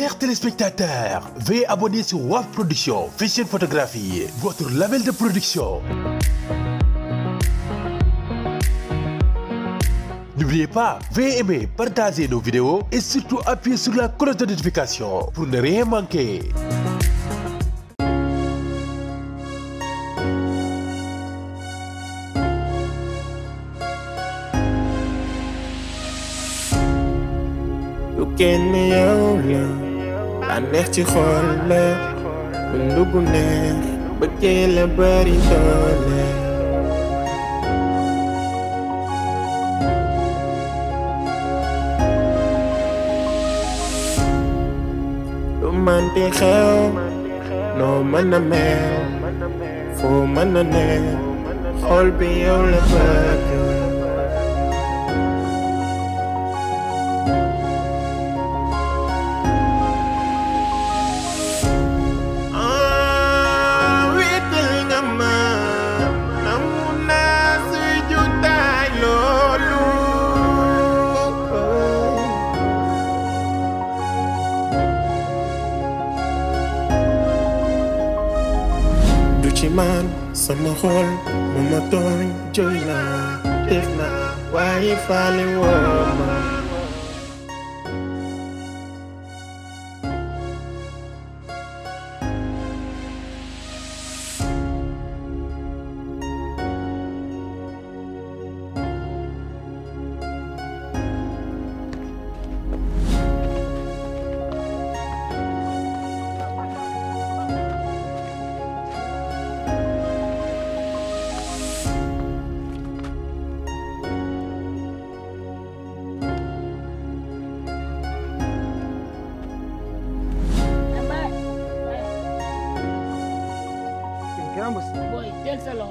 Chers téléspectateurs, veuillez abonner sur WAF Production, Fashion Photographie, votre label de production. N'oubliez pas, veuillez aimer, partager nos vidéos et surtout appuyer sur la cloche de notification pour ne rien manquer. Look me, yaa neex ci xool la ba ndugu neex bëggee la bari doole lu mante xew noo mën a mel foo mën a ne xool bi yow la bëgg mama don't join na if not, why you falling woman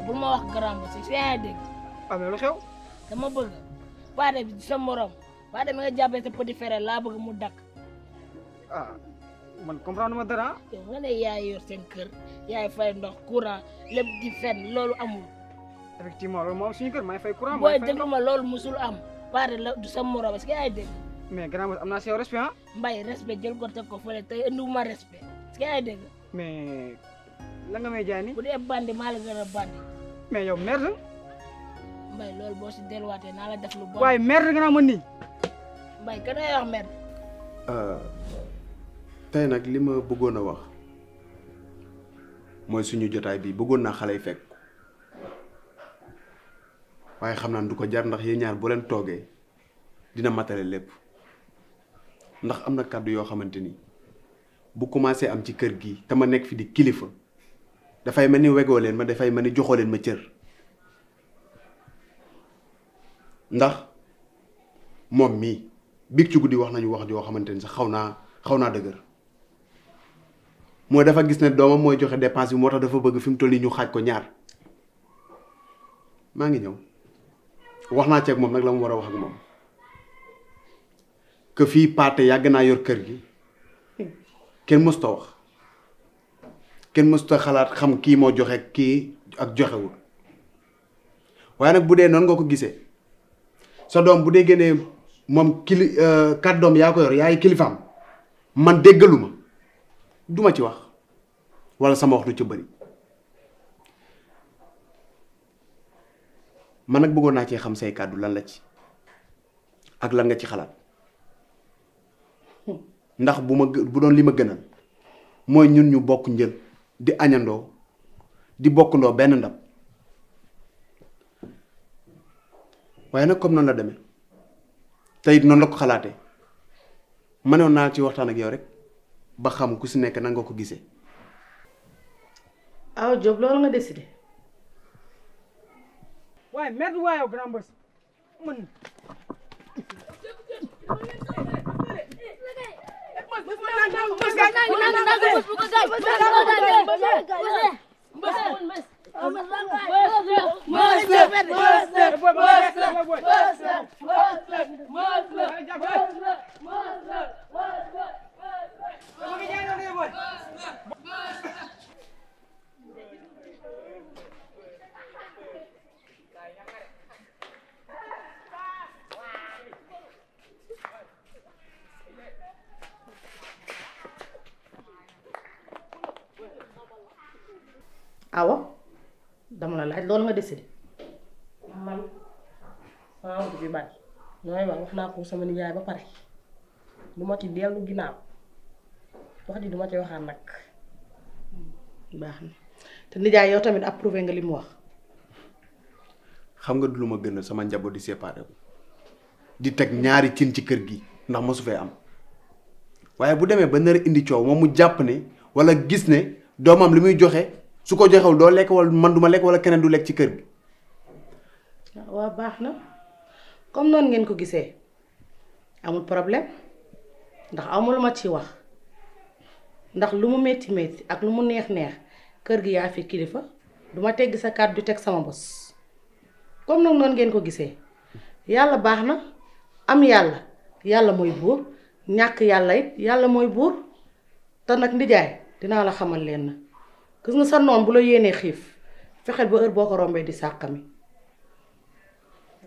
bu ma wax grand si si yaa ngi amee lu xew. dama bëgg Fada bi sa morom Fada mi nga jàppee sa petit frère laa bëgg mu dakk. ah man comprendre ma dara. yow nga ne yaay yor seen kër yaay fay ndox courant lépp di fenn loolu amul. effectivement loolu moom suñu ma loolu musul am Fada du sa morom est-ce que yaa ngi dégg. am naa si yow respect ah. mbay respect jël ko teg ko fële tey indiwuma respect est-ce que mais la nga may jaay bu dee bandi maa la gën a bandi. mais yow mer nga. Mbaye loolu boo si delluwaatee naa la def lu bon. waaye mer nga naa ma nii. Mbaye gën kan a wax mer. Euh, tey nag li ma bëggoon a wax mooy suñu jotaay bi bëggoon naa xale fekk waaye xam naa jar ndax ñaar dina ndax bu commencé am ci kër gi fi di kilifa. dafay mel ni wegoo leen ma dafay mel ni joxoo leen ma cër ndax moom mii biig ci guddi wax nañu wax joo xamante ni sax xaw naa xaw naa dëgër mooy dafa gis ne doomam mooy joxe dépense bi moo tax dafa bëgg fi mu toll yi ñu xaaj ko ñaar maa ngi ñëw wax naa ceeg moom nag la mu war a wax ak moom que paate yàgg naa yor kër gi kenn mësuta wax Ken musta xalat xam ki mo joxe ki ak joxewul waaye nag bu dee non nga ko gissé sa dom budé gëné mom kili euh, kàddoom ko yor yaay kilifam man déggaluma duma ci wax wala sama wax lu ci bari man nak bëggona ci xam say kaddu lan la ci ak lan nga ci xalat ndax buma bu don lima gënal moy ñun ñu bokk ñeul di añandoo di bokkandoo benn ndab waaye nag comme noonu la deme te it noonu la ko xalaatee mënoon naa ci waxtaan ak yow rek ba xam ku si nekk nan ko gisee. aw Diop loolu nga décidé. waaye mer waaye grand boss mën Bas, bas, bas, bas, awa dama la laaj loolu nga décidé. man maa ngi wax naa ko sama nijaay ba pare du ma ci dellu ginnaaw wax di du ma ci waxaat nag. baax na te nijaay yow tamit approuvé nga li mu wax. xam nga du ma gën a sama njaboot di séparé di teg ñaari cin ci kër gi ndax ma su fee am waaye bu demee ba nar indi coow moom mu jàpp ne walla gis ne doomam li muy joxe. su ko joxewul doo lekk wala man duma ma lekk wala keneen du lekk ci kër gi. Ah, waaw baax na comme noon ngeen ko gisee amul problème ndax amul ma ci wax ndax lu mu metti métti ak lu mu neex neex kër gi yaa fi kilifa du ma tegg sa kàddu teg sama bos comme nag noonu ngeen ko gisee yàlla baax na am yàlla yàlla mooy buur ñàkk yàlla it yàlla mooy buur te nag ndijaay dinaa la xamal leen na gis nga sa noon bu la yéenee xiif fexeel ba heure boo ko rombee di sàqami.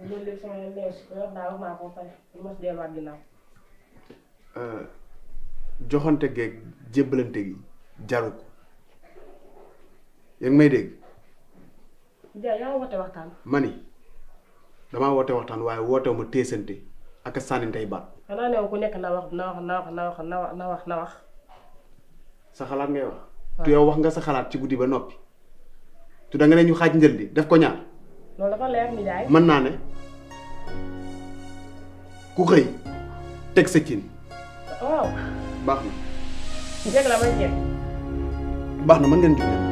loolu sama neex joxante geeg jébbalante gi jaru ko yaa ngi may dégg. yaa woote waxtaan. mani ni damaa woote waxtaan waaye wootewu ma téesante ak sànnintey baat. xanaa ne ku nekk na wax na wax na wax na wax na wax na wax. sa xalaat ngay wax. te yow wax nga sa xalaat ci guddi ba noppi te danga nga ñu xaaj njël li def ko ñaar. mën naa ne ku xëy teg sa cin. waaw. baax na. ma njëg. baax na mën ngeen jóg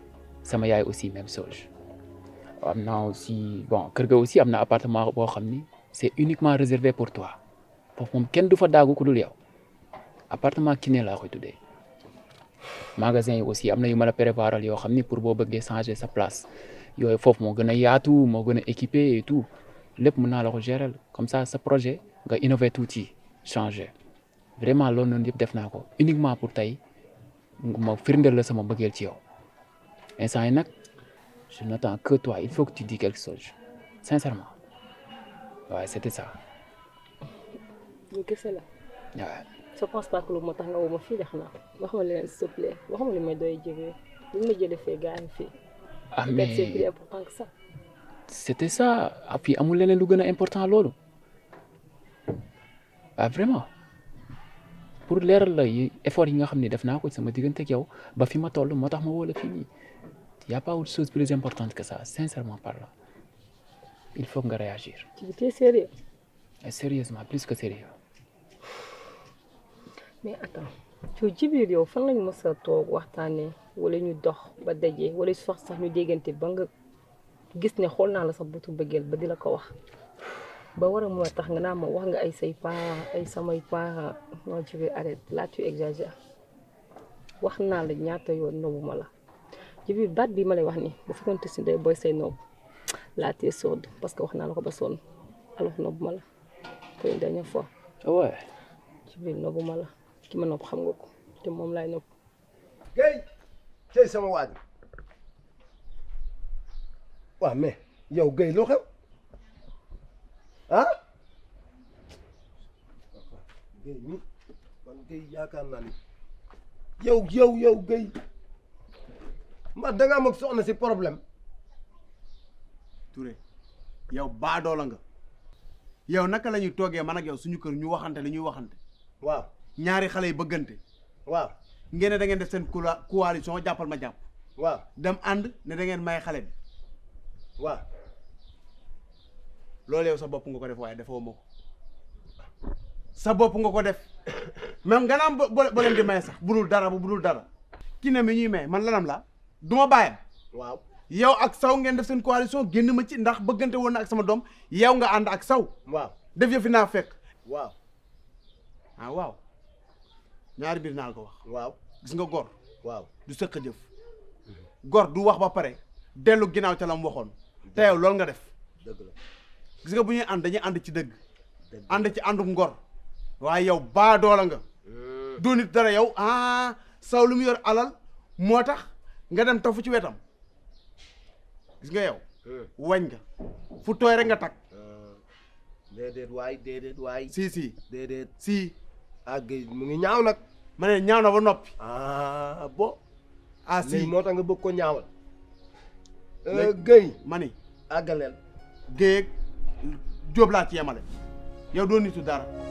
sama yaay aussi même chose Amna aussi bon kerga aussi amna appartement bo xamni c'est uniquement réservé pour toi foofu ken kenn du fa daagu ku dul yow appartement kiné laa koy tuddee magasin aussi amna yu ma la yo xamni pour bo bëggee changer sa place Yoy foofu mo gëna yaatu mo gëna a équipé et tout Lepp mën la ko gérer comme ça sa projet nga innové tuuti changer vraiment loolu noonu yëpp def naa uniquement pour tay ma firndel la sama bëggeel ci yow et eh, ça je n'attends que toi il faut que tu dis quelque chose sincèrement ouais c'était ça. quest que là ouais je pense pas que le moo tax nga ma te plaît wax ma li que doy ma je ah, mais c'est plus important que ça. c'était ça ah, Il a lu important ah vraiment pour l'air, il que effort yi nga xam ne Je ko sama diggante ak yow ba fi ma il n'y a pas autre chose plus importante que ça, sincèrement parlant. Il faut que réagir. Tu es sérieux eh, Sérieusement, plus que sérieux. Mais attends, tu es sérieux, tu es sérieux, tu gis la sa ba ko wax ba nga n'a ma wax nga ay say ay samay là tu exagères wax n'a la ñaata ci baat bi ma lay wax ni bu fekkoon te si day booy say noob laa tee sood parce que wax naa la ko ba sonn alors noob ma la pour une dernière fois. Ah ci biir noobu ma la ki ma noob xam nga ko te moom lay noob. Guèye tey sama waaj waaw mais yow Guèye loo xew ah? yaakaar naa ni yow yow yow Guèye. ma da nga am ak soxna si problème. Touré yow la nga yow naka lañu togué man ak yow suñu kër ñu waxanté lañu Wow, waaw ñaari xalé yi bëggante. waaw ngeen da ngeen def sen coalition jappal ma japp waaw dem and ne da ngeen may xalé bi. waaw lolé yow sa bop nga ko def waye defo ma sa bop nga ko def même nga bo di may sax budul dara budul dara. ki ne mi ñuy may man lanam la duma bayam Wow. yow ak saw ngeen def sen coalition genn ma ci ndax beugante won ak sama dom yow nga and ak saw waw def yëfi fek waw ah waw ñaar bir na ko wax waw gis nga gor waw du sekk jëf gor du wax ba pare delu ginaaw ci lam waxon te yow nga def deug la gis nga bu and dañuy and ci deug and ci andum gor waye yow do la nga hmm. do nit dara yow ah saw lu mu yor alal motax nga dem tofu ci wetam gis nga yow eh. wañ nga fu toy rek nga tak eh. Dedet way dedet way si si dedet si ag mu ngi ñaaw nak mané ñaaw na ba nopi ah bo ah si mo tax nga bëgg ko ñaawal euh ma mané agalel géeg job la ci yemale yow do nitu dara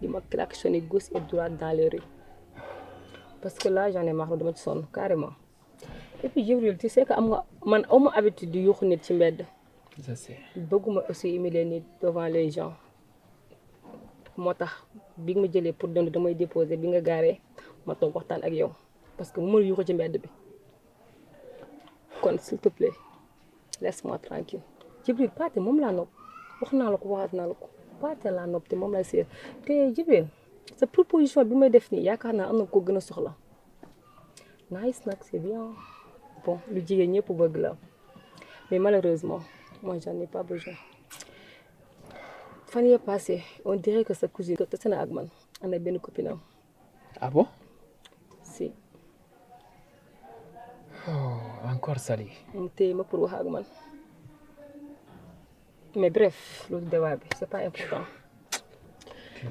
di ma klaxonner gauche et droite dans les rues parce que là j'en ai marre de ma sonn carrément et puis Jibril tu sais que am nga man aw habitude de yuuxu nit ci je sais bëgguma aussi humilié nit devant les gens moo big bi nga ma jëlee pour dund damay déposer bi nga gaaree ma toog waxtaan ak yow parce que mënul yuuxu ci mbedd bi kon s'il te plaît laisse-moi tranquille Jibril Pathé moom moi nopp wax naa la ko waxaat pate la nopp te moom c'est séer te sa proposition bi may def ni yaakaar naa am ko gëna soxla nice nak c'est bien bon lu jigéen ñëpp bëgg la mais malheureusement moi j'en ai pas besoin fan yee passé on dirait que sa cousine tase na ak man am na benn copine am ah bon si oh encore sali mu téye ma pour wax ak man mais bref l'autre débat bi c'est pas important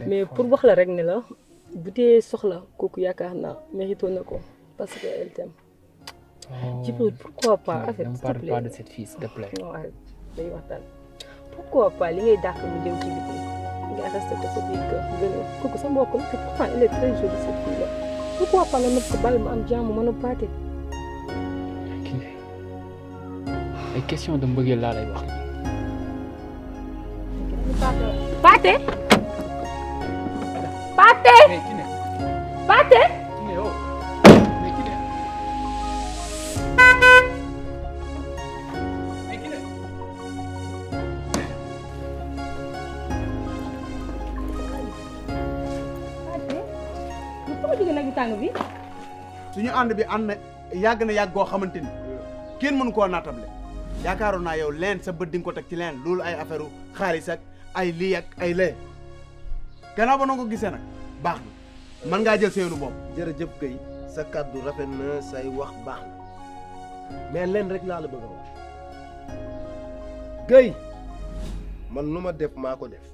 mais pour wax la rek né la bu dee soxla koku yakarna mérito na ko parce que elle t'aime. Oh. Djibril pourquoi pas en fait s'il te plaît. ne parle pas de cette fille s'il te plaît. Ouais, day pourquoi pas li ngay dàq mu jëm ci biti nga resté ko sa biir kër sa mbokk la pourtant elle est très jolie cette fille pourquoi pas la nëb ko bal ma am jàmm mën a paate. ay question de mbëggeel la lay wax. Pate? Pate? Pate? suñu ànd bi ànd na yàgg na yàgg goo xamante ni kenn mënu koo naatable yaakaaroon naa yow leen sa bët di nga ko teg ci leen loolu ay affaire xaalis ak ay lii ay lee gannaaw ba noo ko gisee nag baax na man ngaa jël seenu bopp. jërëjëf kay sa kàddu rafet na say wax baax na mais leen rek laa la bëgg a wax Guèye man lu ma def maa ko def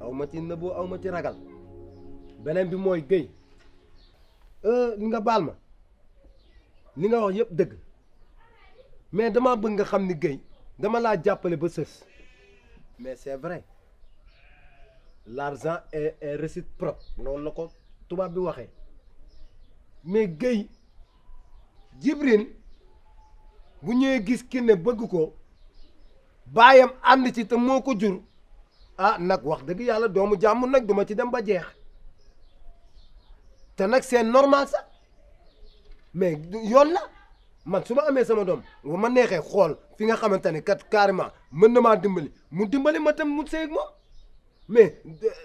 aw ma ci nëbbu aw ma ci ragal beneen bi mooy Guèye li euh, nga baal ma ni nga wax yëpp dëgg mais dama bëgg nga xam ni Guèye dama laa jàppale ba sës mais c'est vrai l'argent est est réciproque propre. mais Guèye Jibril bu ñëwee gis ki ne bëgg ko Bayam amni ci te moko jur ah nak wax deug yalla doomu jamm nak duma ci dem ba jeex te nak c'est normal ça..! mais yoon la man suma amé sama dom bu ma nexé xol fi nga ne kat carrément mën na dimbali mu dimbali ma tam mu mais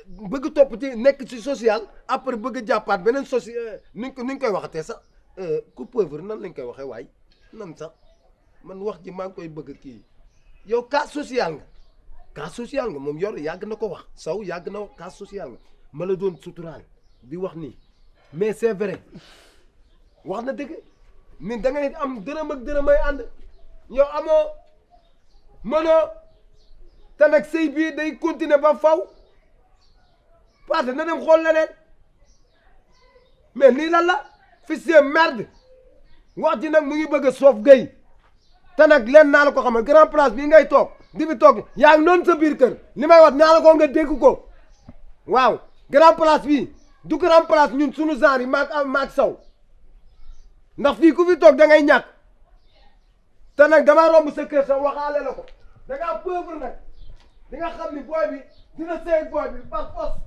bëgg top ci nek ci social après bëgg jappat benen social euh, ni nuñ ko nuñ koy waxatee sax euh, ku pauvre nan lañ koy waxee way nan sax man wax ji ma ngi koy bëgg ki yow ka social nga ka social nga mom yor yag na ko wax saw yag na ka social nga ma la doon sutural di wax ni mais c'est vrai wax na deug ni da ngay am deureum ak deureum ay and yow amo mono te nag sëy bii day continuer ba faw parce na xool leneen mais nii lan la fils de merde wax nag mu ngi bëgg a soof gay te nag leen naa la ko xamal grand place bii ngay toog di fi toog yaa ngi noonu sa biir kër ni may wax naa la ko nga dégg ko waaw grand place bii du grand place ñun suñu genre yi maag maag saw ndax fii ku fi toog da ngay ñàkk te nag damaa romb sa kër sa waxaale la ko da ngaa pauvre nag di nga xam ni booy bi dina seeg booy bi par force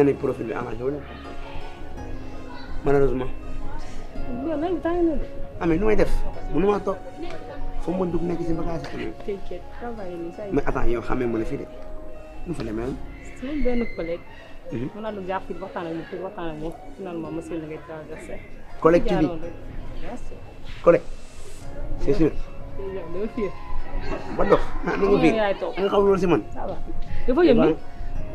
ñeneen profil bi engagé malheureusement. loolu nag tàng na de. ah mais nu may def mënuma toog foo ma dugg nekk si bagage yi. t'inquiète travail ni ça mais attends yow xamee ma ne fii de nu fa demee woon. suñu benn collègue. mën naa doon jàpp fii waxtaan ak moom fii waxtaan ak moom finalement monsieur la ngay traversé. collègue bi collègue c'est sûr.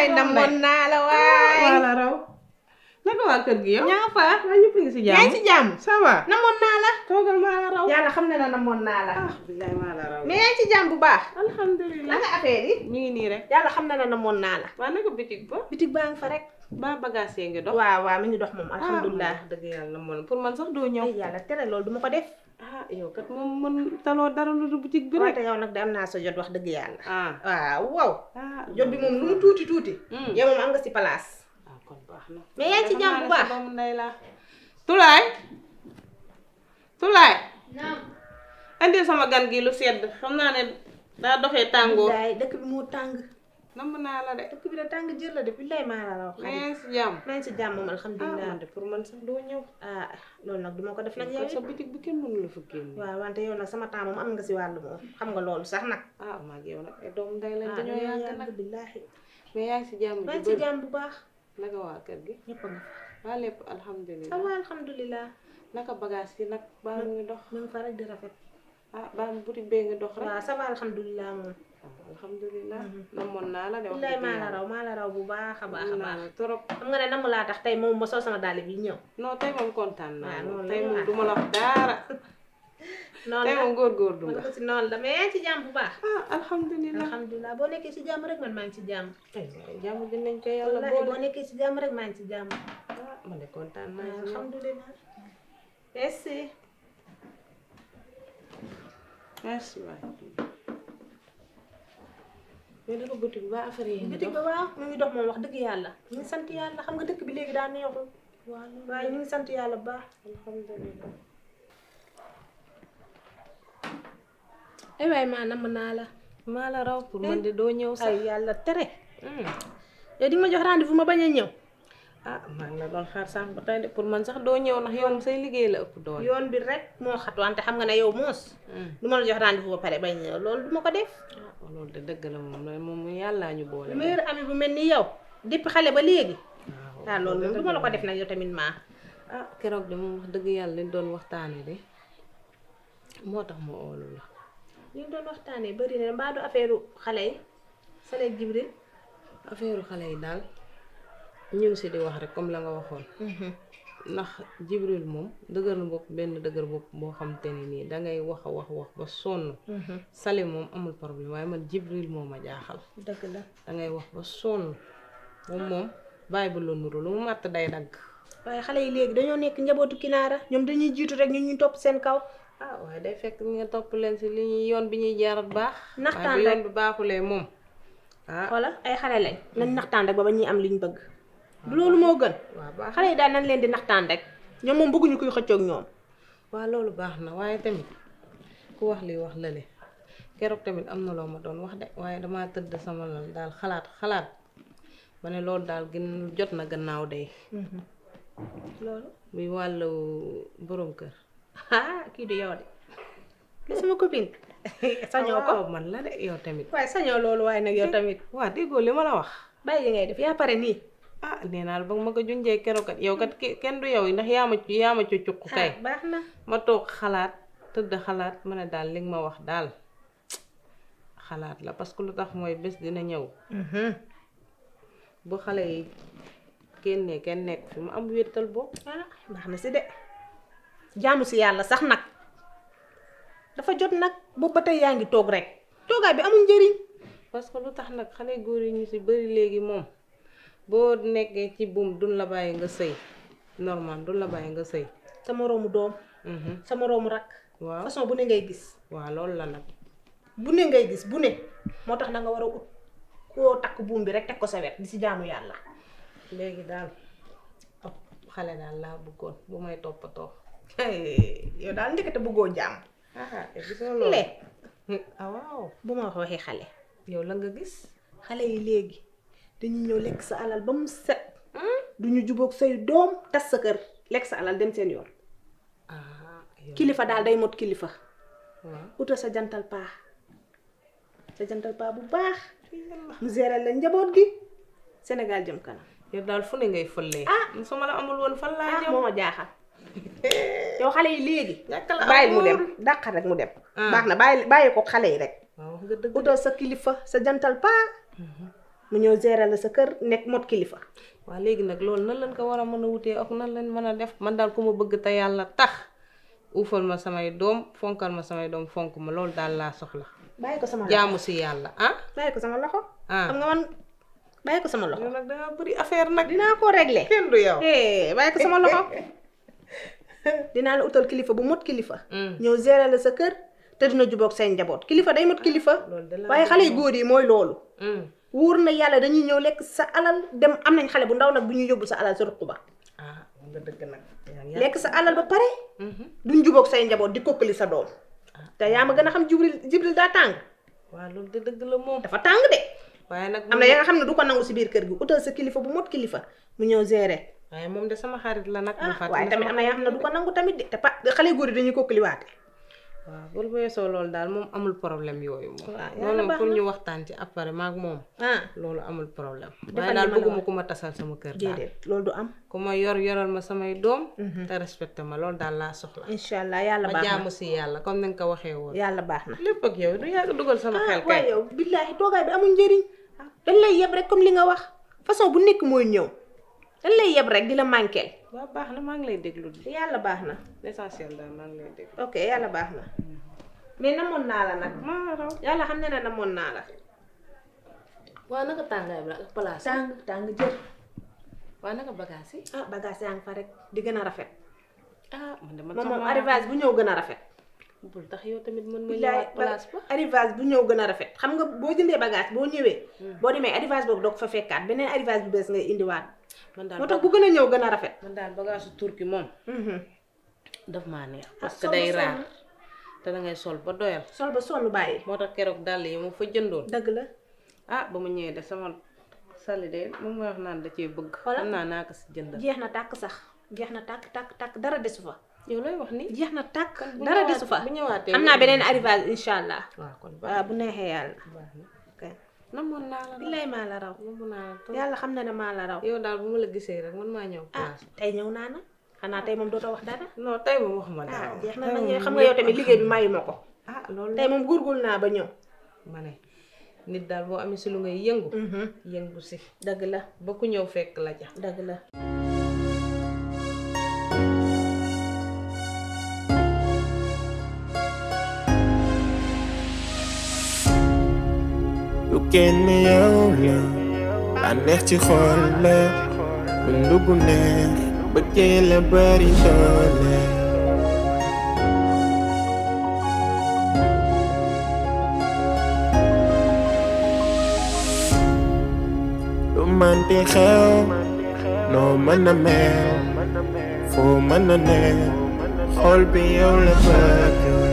waay namoon naa la waay maa la raw naka waa kër gi yow ñaa fa waa ñëpp ngi si jàmm yaa ngi si jàmm ça va namoon naa la toogal maa la raw yàlla ya, xam na ne namoon naa la ah billahi maa raw mais si jàmm bu baax alhamdulilah naka affaire yi ñu ngi nii rek yàlla xam na ne namoon naa la waa naka bitig ba bitig baa ngi fa ba bagage yi ngi dox waaw waaw mi ngi dox moom ah, alhamdulilah dëgg yàlla namoon pour man sax doo ñëw iya, yàlla def ah yow kat moom man taloo dara lu dul boutique bi rek. yow nag de am naa sa jot wax dëgg yàlla. ah waaw ah, jot bi moom lu mu tuuti tuuti. Hmm. yow moom am si place. Ah, mais yaa ci jàmm bu baax tulaay tulaay. naam. sama gan gi lu sedd xam naa ne daa doxee tàngoo. dëkk bi moo tàng. namm naa la de. dëkk bi da tàng jër la de billaay maa la wax. Kan? maa ngi si jàmm maa ngi si jàmm moom alhamdulilah de pour man sax doo ñëw. ah loolu nag du ko def nak. sa kenn mënu la fa wante yow sama temps am nga xam nga sax ah maa ngi yow nag doomu ndey lañ dañoo yàgg nag billaahi mais yaa ngi si jàmm maa ngi bu baax. naka waa kër gi. ñëpp nga fa. waa naka bagage yi dox fa rek di rafet. ah dox rek. alhamdulilah. Mhm. namoon naa la de wax maa la raw bu baax a a baax. trop xam nga ne namm laa tax tey moom ma sol sama dàll bi ñëw. non tey moom kontaan naa. waaw tey moom du ma la wax daara. noonu la tey moom góorgóorlu ci jàmm bu baax. Ah, alhamdulilah boo nekkee ci jàmm rek man maa ngi ci jàmm. jàmm dinañ ko yàlla boole ci jàmm maa ngi ci jàmm. Ah, man de kontaan naa ci alhamdulilah. merci. merci waay. mais dafa guddi bu baax affaire yi. guddi ba waaw mu dox moom wax dëgg yàlla. ñu ngi sant yàlla xam nga dëkk bi léegi daa waaye ñu ngi sant yàlla bu baax. alhamdulilah. naa la. maa la raw pour eh? man de doo ñëw sax. ay yàlla tere. Hmm. yow di ma jox rendez-vous ma bañ a ñëw. ah man nga doon xaar sànq ba tey de pour man sax doo ñëw nax yow say liggéey la ëpp doole. yoon bi rek moo xat wante xam nga ne yow moos. Hmm. du ma la jox rendez-vous ba pare bañ ñëw loolu du ko def. Ah, dëgg la moom loolu yàllaa ñu boole. mu yor ami bu mel ni yow depuis xale ba léegi. waaw ah, ah, loolu moom ko def nag yow tamit maa. ah keroog de moom wax dëgg yàlla liñ doon waxtaanee de moo tax mu oolu la. liñ doon waxtaanee bari na mbaa du affaire xale yi Salé Jibril. affaire xale yi daal. ñun si di wax rek comme la nga waxoon mhm. ndax jibril moom dëgër na bopp benn dëgër bopp boo xam te ni nii da ngay wax a wax wax ba sonn mhm. sale moom amul problème waaye man jibril moo ma jaaxal dëgg la da ngay wax ba sonn moom moom bàyyi ba la nuru lu mu màtt day dagg waaye xale yi léegi dañoo nekk njabootu kinaara ñoom dañuy jiitu rek ñu ñuy topp seen kaw ah waaye day fekk nga topp leen si li ñuy yoon bi ñuy jaar baax naxtaan rek yoon bi baaxulee moom ah xoolal ay xale lañ nañ naxtaan rek ba ba ñuy am liñ bëgg du loolu moo gën xale yi daal nañ leen di naxtaan rek ñoom moom bëgguñu koy xëccoog ñoom waa loolu baax na waaye tamit ku wax lii wax lale keroog tamit am na loo ma doon wax de waaye damaa tëdd sama lal daal xalaat xalaat ba ne loolu daal gën jot na gannaaw day mm-hmm. loolu muy wàllu borom kër ah kii di yow de kii sama copine sañoo ko man la de yow tamit waaye sañoo loolu waaye nag yow tamit waa déggoo li ma la wax bàyyi ngay def yaa pare nii ah nee naa bang mako ma ko junjee keroog kat yow kat kenn du yow ndax yaa ma yaa ma cucuk kay baxna ma tok xalaat tëdd dal, mané dal li nga ma wax dal xalaat la parce que lutax moy bes dina ñew hmm bu xalé yi kenn ne kenn nek fi mu am wéttal boobu baax na de jaamu ci yalla sax nak dafa jot nak bu batay yaangi tok rek toogaay bi amun njëriñ parce que lutax nak xalé goor yi ñu si bëri mom. boo nekkee ci buum duñ la bàyyi nga sëy normal duñ la bàyyi nga sëy sa moroomu doom mhm. sa moroomu rakk waaw façon bu ne ngay gis waa loolu la nag bu ne ngay gis bu ne moo tax na nga war a ut koo takk buum bi rek teg ko sa wet di si jaamu yàlla léegi daal ab xale daal laa bëggoon bu may toppatoo yow daal ndekete bëggoo jaam le ah, bu ma waxee xale yow la nga gis xale yi léegi dañuy ñëw lekk sa alal ba mu set duñu ñu jubóog say doom tas sa kër lekk sa alal dem seen yoon ah, kilifa daal day mot kilifa uta sa jantal paa sa jantal paa bu baax mu géral la njaboot gi Sénégal jëm kanam yow daal fu ne ngay fëllee ah su ma la amul woon fan laa ah, jëm moo jaaxal yow xale yi léegi bàyyi mu dem dàqal rek mu dem ah. baax na bàyyi bàyyi ko xale yi rek utal sa kilifa sa jantal paa mhm. mu ñëw gérer la sa kër nekk mot kilifa. waaw léegi nag loolu nan lañ ko war a mën a wutee ak nan lañ mën a def man daal ku ma bëgg te yàlla tax uufal ma samay doom fonkal ma samay doom fonk ma loolu daal laa soxla. bàyyi ko sama loxo jaamu si yàlla ah. bàyyi sama loxo. Ah. nag da ngaa affaire nag. dinaa ko régler kenn du eh, dinaa la utal kilifa bu mot kilifa. Mm. ñëw gérer la sa kër te dina jubóog seen njaboot kilifa day mot ah, kilifa. waaye xale yu góor yi mooy loolu. Mm. wóor na yàlla dañuy ñëw lekk sa alal dem am nañ xale bu ndaw nag bu ñuy yóbbu sa alal sa ruq ba nga ah, dëgg nag lekk sa alal ba pare mhm. duñ say di sa doom ah. te yaa ma gën xam jibril jibril daa tàng waaw loolu de dëgg la moom dafa tàng de waaye nag am na ya nga xam du ko nangu si biir kër gi utal sa kilifa bu mot kilifa mu ñëw gérer de sama xarit la nag ah, waaye tamit am na yaa du ko nangu tamit de te pa xale góor yi dañuy waaw bu weesoo loolu daal moom amul problème yooyu moom. waaw pour ñu waxtaan ci après maag moom. Ah. loolu amul problème. waaye daal bëgguma ku ma tasal sama kër daal. loolu du am. ku ma yor yoral ma samay doom. Mhm. te respecté ma loolu daal laa soxla. incha allah yàlla baax na yàlla comme ni nga ko waxee woon. yàlla na lépp ak yow du yàgg dugal sama ah, xel. kay yow billaahi toogaay bi amul njëriñ. Ah, dañ lay yeb rek comme li nga wax façon bu nekk mooy ñëw dañ lay yeb rek di la manqué. waaw baax na maa ngi lay déglu yàlla baax na l'essentiel daal maa ngi lay déglu ok yàlla baax na mais namoon naa la nag maa raw yàlla xam ne ne namoon naa la waaw naka tàngaay bi ak place tàng tàng jër waaw naka bagage yi ah bagage yaa ngi fa rek di gën a rafet ah man de man moom arrivage bu ñëw gën a rafet bul tax yow tamit mën nga ñëwaat place ba arrivage bu ñëw gën a rafet xam nga boo jëndee bagage boo ñëwee hmm. boo demee arrivage boobu doo ko fa fekkaat beneen arrivage bu bees ngay indiwaat man moo tax bu gën a ñëw gën a rafet man daal bagage su turki moom mm-hmm. daf maa neex ah, parce que day raar te da ngay sol ba doyal sol ba sol bàyyi moo tax keroog dàll yi mu fa jëndoon dëgg la ah ba mu ñëwee def sama sali de moom ma wax naan da cee bëgg xam naa naa ko si jëndal jeex na tàkk sax jeex na tàkk tàkk tàkk dara desu fa yow looy wax ni jeex na tàkk dara gisu fa bu ñëwaatee am naa beneen arrivage incha allah. waaw kon waaw bu neexee yàlla. namoon naa la raw billaay maa la raw. yàlla xam na ne maa la raw. yow daal bu ma la gisee rek man maa ñëw. ah tey ñëw naa na xanaa tey moom dootoo wax dara. non tay moom waxuma dara. Ah, jeex na nag xam nga yow tamit liggéey bi mayu ma ko. ah loolu tey moom góorgóorlu naa ba ñëw. ma ne nit daal boo amee si lu ngay yëngu. Mhm. yëngu si. dëgg la ba ku ñëw fekk la ja. dëgg la. kenn yow la bànneex ci xol la dund gu neex bëggee la bari doole lu mante xew noo mën a mel foo mën a ne xol bi yow la bëgg